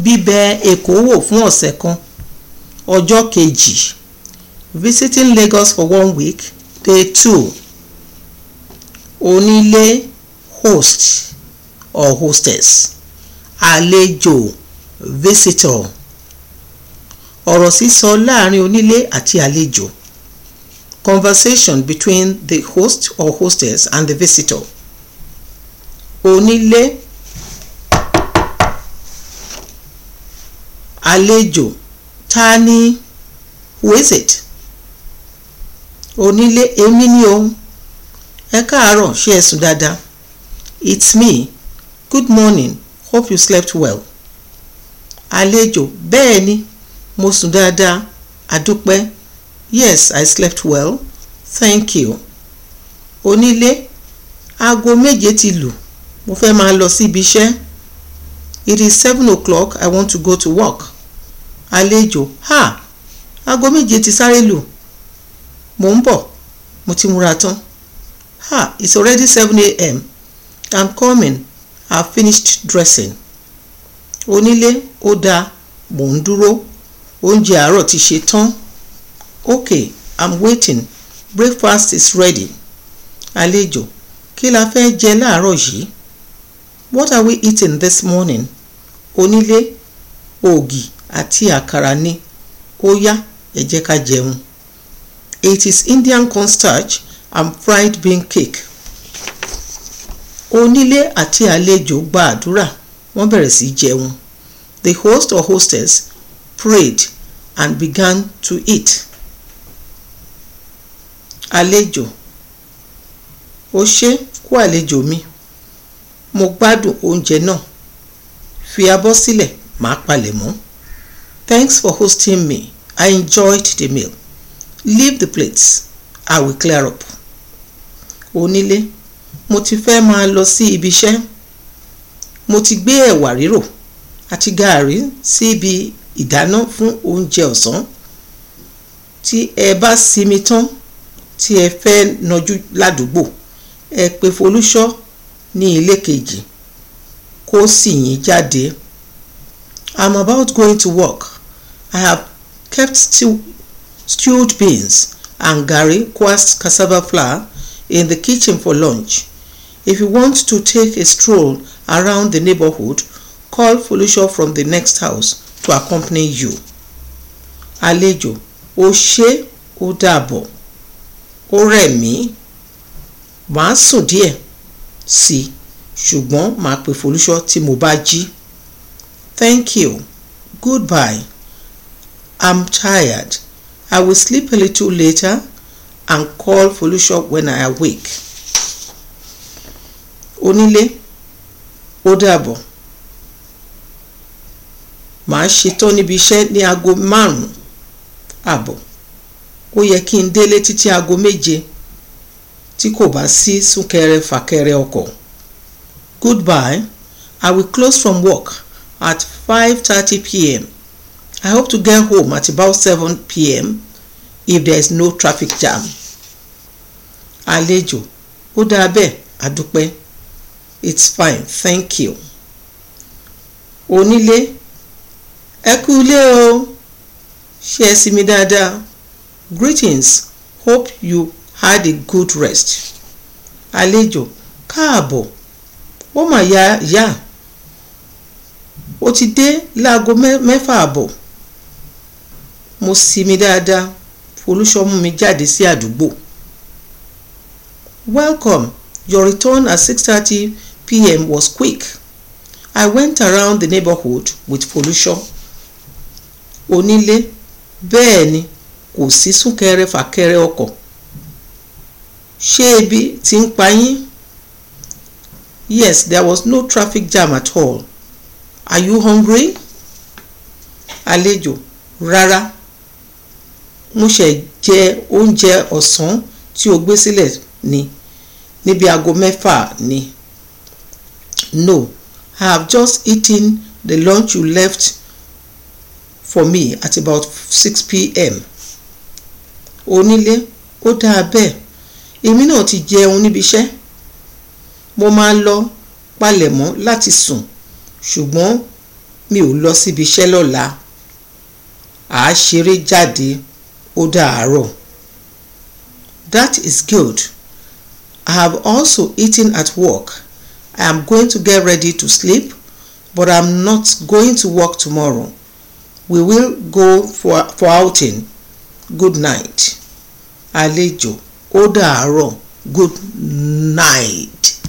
bíbẹ èkó wò fún ọ̀sẹ̀ kan ọjọ́ kejì visiting Lagos for one week day two onílé host or hostess àlejò visitor ọ̀rọ̀ sísọ láàrin onílé àti àlejò conversation between the host or hostess and the visitor onílé àlejò ta ni who is it onílé èmi ni òun ẹ káàárọ̀ ṣé ẹ sùn dáadáa it's me good morning hope you slept well àlejò bẹ́ẹ̀ ni mo sùn dáadáa àdúpẹ́ yes i slept well thank you onílé aago méje ti lù mo fẹ́ máa lọ síbi iṣẹ́ it is seven o'clock i want to go to work àlejò ha aago méje ti sáré lù mò ń bọ̀ mo ti múra tán ha it's already seven a.m. i'm coming i've finished dressing onílé ó dáa mò ń dúró oúnjẹ àárọ̀ ti ṣe tán okay i'm waiting breakfast is ready àlejò kí la fẹ́ jẹ láàárọ̀ yìí what are we eating this morning onílé ògì àti àkàrà ni ó yá ká jẹun it is indian corn starch and fried bean cake onílé àti àlejò gba àdúrà wọ́n bẹ̀rẹ̀ sí jẹun the host or hostess prayed and began to eat àlejò ó ṣé kú àlejò mi mo gbádùn oúnjẹ náà fi abọ́ sílẹ̀ màá palẹ̀ mọ́. Thanks for hosting me. I enjoyed the meal. Leave the plates. I will clear up. Onílé, mo ti fẹ́ máa lọ sí ibi iṣẹ́. Mo ti gbé ẹ̀wà rírò àti gààrí sí ibi ìdáná fún oúnjẹ ọ̀sán. Tí ẹ bá sinmi tán tí ẹ fẹ́ nájú ládùúgbò, ẹ pe Folúṣọ́ ní ilé kejì kó sì yín jáde. I'm about going to work. I have kept stewed beans and gari coarse cassava flour in the kitchen for lunch. If you want to take a stroll around the neighborhood, call Foluso from the next house to accompany you. Àlejò ó ṣé ó dàbọ̀ ó rẹ̀ mí màá sùn díẹ̀ sí i ṣùgbọ́n màá pè Foluso mo bá jí. Thank you. Goodbye. I'm tired. I will sleep a little later and call Folúṣọ́ when I awake. Onílé ó dàbọ̀ màá ṣetán níbi iṣẹ́ ní aago márùn-ún àbọ̀ ó yẹ kí n délé títí aago méje tí kò bá sí súnkẹrẹ fàkẹrẹ ọkọ̀. Goodbye. I will close from work at 5:30 p.m. I hope to get home at about 7 p.m. if there is no traffic jam. Àlejò udabe adupe. it's fine thank you. Onílé ẹ kú ilé o ṣé ẹ sinmi greetings hope you had a good rest. Àlejò káàbọ̀ Oma ya ya. yá ó ti dé láago Me, mo sinmi dáadáa Folúṣọ́ mú mi jáde sí àdúgbò. Welcome your return at 6:30 p.m. was quick. I went around the neighborhood with Folúṣọ́. onílé bẹ́ẹ̀ ni kò sí súnkẹrẹ fàkẹrẹ ọkọ̀ ṣé ebi ti ń pa yín? Yes, there was no traffic jam at all. Are you hungry? àlejò rárá mo jẹ oúnjẹ ọ̀sán tí o gbé sílẹ̀ ni níbi aago mẹ́fà ni. no i have just eaten the lunch you left for me at about six pm. onílé ó dáa bẹ́ẹ̀ èmi náà ti jẹun níbi iṣẹ́ mo máa ń lọ palẹ̀mọ́ láti sùn ṣùgbọ́n mi ò lọ síbi iṣẹ́ lọ́la à ṣeré jáde ó dàárọ̀. That is good. I have also eaten at work. I am going to get ready to sleep but I am not going to work tomorrow. We will go for, for outing. Good night. Àlejò ó dàárọ̀ good night.